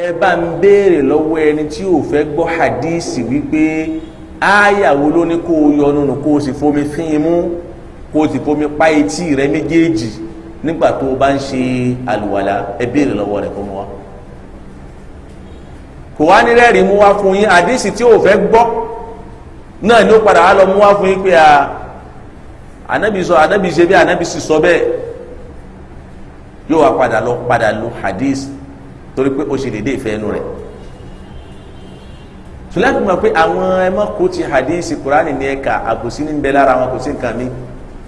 ẹ bá ń béèrè lọ́wọ́ ẹni tí ò fẹ́ gbọ́ hadísì wípé ááyàwó ló ní kó o yọnu nù kó o sì fomi fín imú kó o sì fomi pa etí rẹ méjèèjì nígbà tó o bá ń ṣe àlùwàlà ẹ béèrè lọ́wọ́ rẹ kó mú wa. kò wá ní rẹ́ẹ̀rí mú wá fún yín hadísì tí ò fẹ́ gbọ́ náà ni ó padà wá lọ mú wá fún yín pé a ànábì sọ ànábì ṣe bí ànábì sì sọ bẹ́ẹ̀ yóò wá padà lọ padà lo hadísì torí pé o ṣe dédé ìfẹ́ ẹnu rẹ̀ sùlẹ́tù mọ̀ pé àwọn ẹmọ́ kò ti hadisi kurani ní ẹ̀ka àbòsí ní bẹ lára wọn kò sí nǹkan mi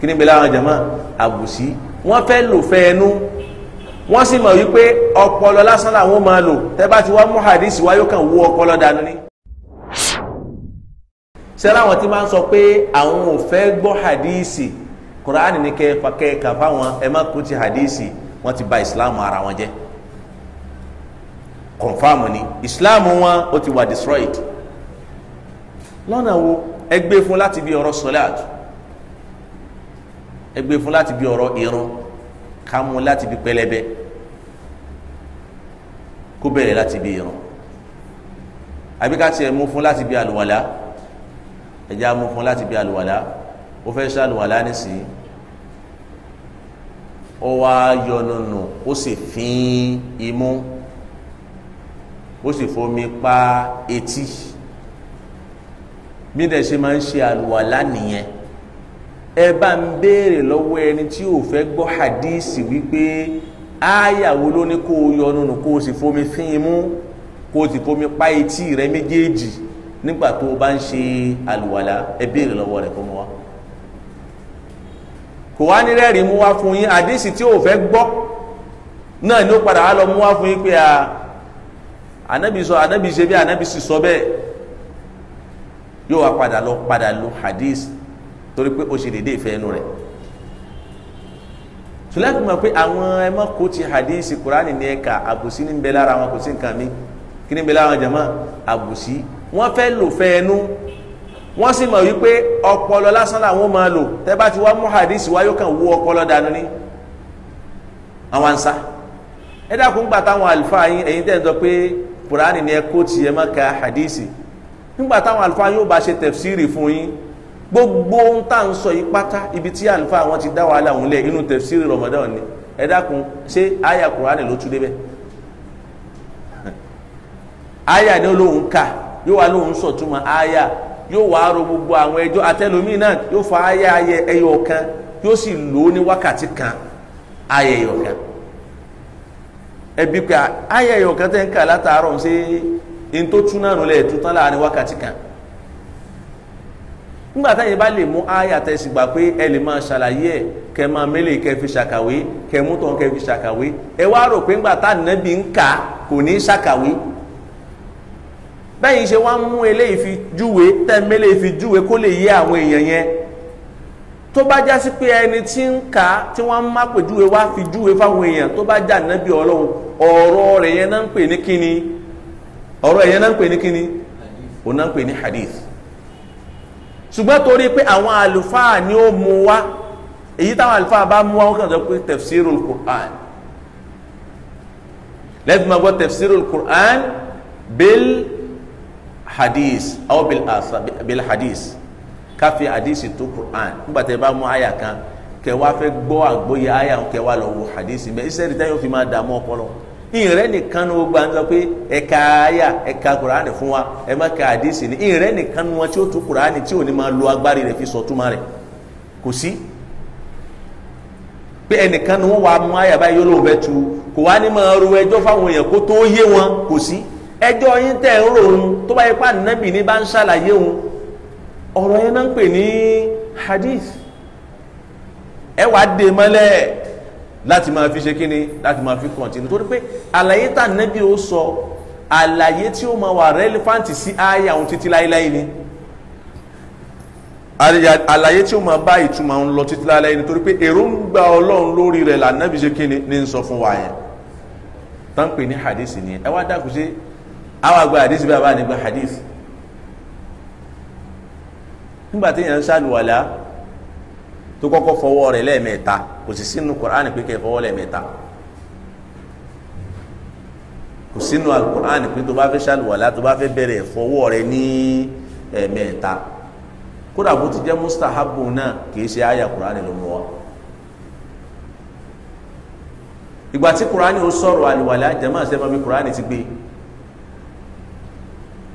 kí ní bẹ lára wọn jẹ̀mọ́ àbòsí wọ́n fẹ́ lò fẹ́ ẹnu wọ́n sì mọ̀ wípé ọpọlọ lásán làwọn máa lò tẹ́ bá ti wá mú hadisi wáyé kan wú ọpọlọ dànù ni sẹ́lá àwọn tí máa ń sọ pé àwọn ò fẹ́ gbọ́ hadisi kuraani ní kẹfà fáwọn ẹ má kó ti hadisi wọ́n ti bà ìsìláàmù ara wọn jẹ́ confam ni islam wọn ó ti wà destroyed lọ́nà wo ẹgbẹ́ fún láti bí ọ̀rọ̀ sọ́láàtù ẹgbẹ́ fún láti bí ọ̀rọ̀ irun ká mú láti bí pẹlẹbẹ kó bẹ̀rẹ̀ láti bí irun àbí ká tiẹ̀ mú fún láti bí àlùwàlá ẹ̀já mú fún láti bí àlùwàlá ó fẹ́ ṣe àlùwàlá nísìnyí ó wá yọnu ó sì fín imú ó sì fomi pa etí bí dẹ̀ ṣe máa ń ṣe àlùwàlá nìyẹn ẹ bá ń béèrè lọ́wọ́ ẹni tí ò fẹ́ gbọ́ hadísì wípé ááyàwó ló ní kó o yọnu nù kó o sì fomi fín imú kó o sì fomi pa etí rẹ méjèèjì nígbà tó o bá ń ṣe àlùwàlá ẹ béèrè lọ́wọ́ rẹ̀ kó mú wá kò wá ní rẹ́rìí mú wá fún yín hadísì tí ò fẹ́ gbọ́ náà ló padà wá lọ mú wá fún yín pé a anabi sọ anabi ṣe bí anabi sì sọ bẹ́ẹ̀ yóò wá padà lọ padà lo hadith torí pé o ṣe dédé ìfẹ́ ẹnu rẹ̀ tùlẹ́kùn mọ̀ pé àwọn ẹmọ́ kò ti hadith kuraani ní ẹ̀ka àbùsí ní bẹ́ẹ̀ lára wọn kò sí nǹkan mi kí ní bẹ́ẹ̀ lára wọn jẹ̀mọ́ àbùsí wọ́n fẹ́ lò fẹ́ ẹnu wọ́n sì mọ̀ wípé ọpọlọ lásán làwọn máa lò tẹ́ bá ti wá mú hadith wáyó kan wó ọpọlọ dànù ní àwọn ànsá ẹ dákun gbà táwọn àlùfáà yín ẹ̀yin tẹ́ ń kùránì ni ẹ kó tì má ka hadisi nígbà táwọn àlùfáà yóò bá ṣe fún yín gbogbo ohun tá sọ yìí ibi tí àlùfáà wọn ti dá wàhálà òun lẹ inú Ramadan ni ẹ dákun ṣé àyà kùránì ló àyà ni olóhùn ká yóò wá lóhùn àyà gbogbo àwọn àtẹlómìn náà yóò fa àyà ẹyọ kan yóò sì lò ó ní wákàtí kan ẹbí pé ayẹyẹ ọ̀kan tẹ́ ń kà látàárọ̀ ṣe in tó tún náà lẹ̀ tún tán láàrin wákàtí kan nígbà táyìn bá lè mú ayà tẹ̀sí gbà pé ẹ lè máa ṣàlàyé ẹ̀ kẹ máa mélè kẹ fi ṣàkàwé kẹ mú tán kẹ fi ṣàkàwé ẹ wá rò pé ńgbà tá ń kà kò ní ṣàkàwé bẹ́ẹ̀ ṣe wá mú eléyìí fi júwe tẹ́ mélè fi júwe kó lè yé àwọn èèyàn yẹn tó bá já sí pé ẹni tí ń kà tí wọ́n ń má pèjúwe wá fi júwe fáwọn èèyàn tó bá jà nábì ọlọ́run ọ̀rọ̀ rẹ̀ yẹn náà ń pè ní kíni ọ̀rọ̀ yẹn náà ń pè ní kíni òun náà ń pè ní hadith ṣùgbọ́n torí pé àwọn àlùfáà ni ó mú wá èyí táwọn àlùfáà bá mú wá wọn kàn sọ pé tafsirul Qur'an lẹ́gbẹ̀ẹ́ máa gbọ́ tafsirul Qur'an bil hadith aw bil asa bil hadith. kafe hadisi tó Qur'an nígbà tẹ́ bá mú àyà kan kẹ́ wá gbọ gbọ́ àgbóyè àyà wá lọ wo hadisi mẹ yóò fi máa dààmú ọpọlọ ìrẹ́ nìkan ni wọ́n gba ń pé ẹ̀ka àyà ẹ̀ka Qur'an fún wa ẹ má ni ìrẹ́ nìkan ni wọ́n tí ó tú Qur'an tí ní máa lo agbárí fi sọ kò sí pé ẹnìkan mú àyà báyìí yóò ọ̀rọ̀ yẹn náà ń pè ní hadith ẹ wà á dè mọ́lẹ̀ láti máa fi ṣe kí ni láti máa fi kọ̀ǹtínú torí pé àlàyé tà nẹ́bí ó sọ àlàyé tí ó máa wà rẹ́lifáǹtì sí àyà òun títí láéláé ni àlàyé tí ó máa bá ìtumọ̀ ń lọ títí láéláé ni torí pé èròǹgbà ọlọ́run lórí rẹ̀ lànàbí ṣe kí ni ní ń sọ fún wa yẹn tán ní hadith nìyẹn ẹ wá dákun ṣe àwọn àgbà hadith bí a bá nígbà hadith nígbà tí èèyàn ń ṣàlùwàlá tó kọ́kọ́ fọwọ́ rẹ̀ lẹ́ẹ̀mẹ́ta kò sì sínú Qur'an pé kẹ́ fọwọ́ lẹ́ẹ̀mẹ́ta kò sínú alukur'an pé tó bá fẹ́ ṣàlùwàlá tó bá fẹ́ bẹ̀rẹ̀ fọwọ́ rẹ̀ ní ẹ̀ẹ̀mẹ́ta kódà bó ti jẹ́ mustahabu náà kìí ṣe àyà kur'an ló mú ìgbà tí kur'an ó sọ̀rọ̀ àlùwàlá jama ṣe máa fi kur'an ti gbé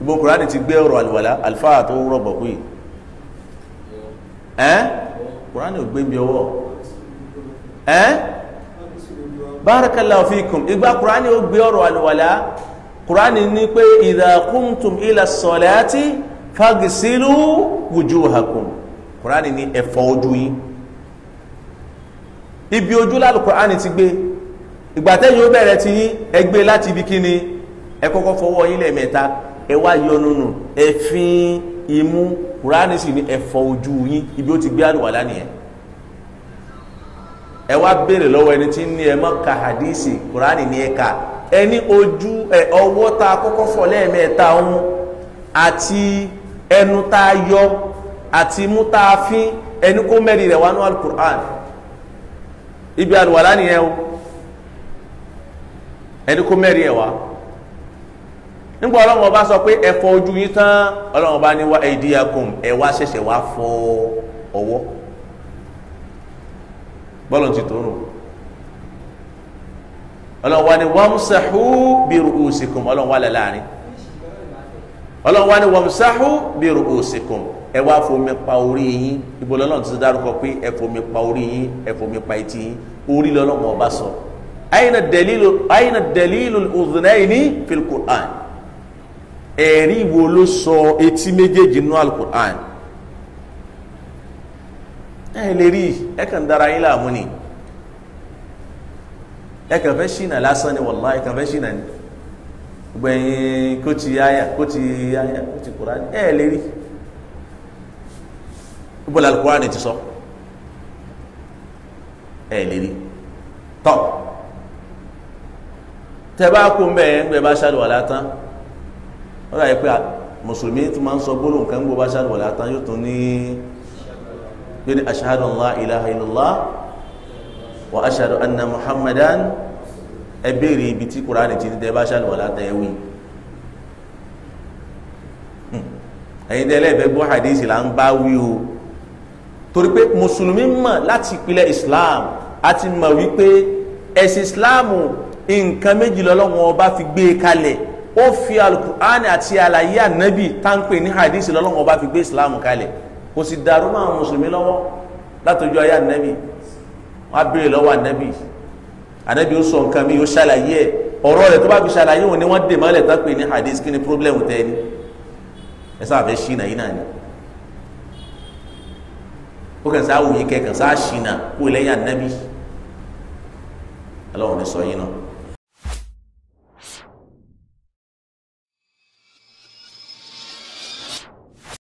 ibo kur'an ti gbé ọ̀rọ̀ àlùwàlá alifa tó rọ̀bọ̀ pé ẹ́ kùránì gbé mi ọwọ́ barakallahu fikum ìgbà kùránì ó gbé ọ̀rọ̀ àlùwàlá kùránì ní pé idha qumtum ila salati ibi ojú lálù kùránì ti gbé ìgbà tẹ́yìn ó bẹ̀rẹ̀ ti yín ẹ láti ibi kíni ẹ kọ́kọ́ fọwọ́ yín lẹ́ẹ̀mẹ́ta imú kùránì sì ní ẹ̀fọ́ ojú yín ibi ó ti gbé àlùwàlá nìyẹn ẹ wá béèrè lọ́wọ́ ẹni tí ń ní ẹ mọ́ ka hadisi kùránì ní ẹ̀ka ẹni ojú ẹ ọwọ́ ta kọ́kọ́ fọ lẹ́ẹ̀mẹ́ta ọ̀hún àti ẹnu tá yọ àti imú tá fín ẹni kó mẹ́rin rẹ̀ wá ní alukur'an ibi àlùwàlá nìyẹn o ẹni kó mẹ́rin ẹ̀ wá nígbà ọlọ́run ọba sọ pé ẹ fọ ojú yín tán ọlọ́run ọba ní wá ẹ̀díyàkùn ẹ wá ṣẹ̀ṣẹ̀ wá fọ ọwọ́ bọ́lọ̀ ti tó nù ọlọ́run wá ní wamsahu bi ru'usikum ọlọ́run wá lẹ̀ láàrin ọlọ́run wá ní wamsahu bi ru'usikum ẹ wá fomi pa orí yín ibo lọ́lọ́run ti dárúkọ pé ẹ fomi pa orí yín ẹ fomi pa etí yín orí lọ́lọ́run ọba sọ ayna dalilu ayna dalilu al-udhnayni fil Qur'an ẹ̀rí wo ló sọ etí méjèèjì nínú alukur'an ẹ lè rí ẹ kàn dára yín láàmú ni ẹ kàn fẹ́ ṣìnà lásán ni wàllá ẹ kàn fẹ́ ṣìnà ni gbẹ̀yìn kó ti aya kó ti aya kó ti kur'an ẹ lè rí gbọ́dọ̀ alukur'an ti sọ ẹ lè rí tọ́ tẹ bá kó mbẹ́ ẹ̀ ń gbẹ bá ṣàlùwàlá tán ó dàbí pé mùsùlùmí tó máa ń sọ gbólóhùn kan gbó bá ṣáàdù wàlá tán yóò tún ní yóò ní ashhadu an la ilaha illallah wa ashhadu anna muhammadan ẹ béèrè ibi tí kuraani ti ní tẹ bá ṣáàdù wàlá tán ẹ wí. Hmm. ẹ̀yin tẹ́ lẹ́ẹ̀fẹ́ gbọ́ hadith là ń bá wí o torí pé mùsùlùmí mọ̀ láti ìpìlẹ̀ islam a ti wípé ẹ̀sìn islam nǹkan méjì ọba fi gbé e kalẹ̀ ó fi alukur'ani àti àlàyé ànábì táǹpé ní hadisi lọ́lọ́wọ́ bá fi gbé islam kalẹ̀ kò sì dàrú mọ́ àwọn mùsùlùmí lọ́wọ́ látọjú ayé ànábì wọ́n á béèrè lọ́wọ́ ànábì ànábì ó sọ nǹkan mi ó ṣàlàyé ẹ̀ ọ̀rọ̀ rẹ̀ tó bá fi ṣàlàyé òun ni wọ́n dè mọ́lẹ̀ táǹpé ní hadisi kí ni problem tẹ́ ẹ ní ẹ sáà fẹ́ ṣìnà yìí náà ni ó kàn sáà wòye kẹ kàn sáà ṣìnà kó lẹ́yìn ànábì ọlọ́run ní sọ yìí náà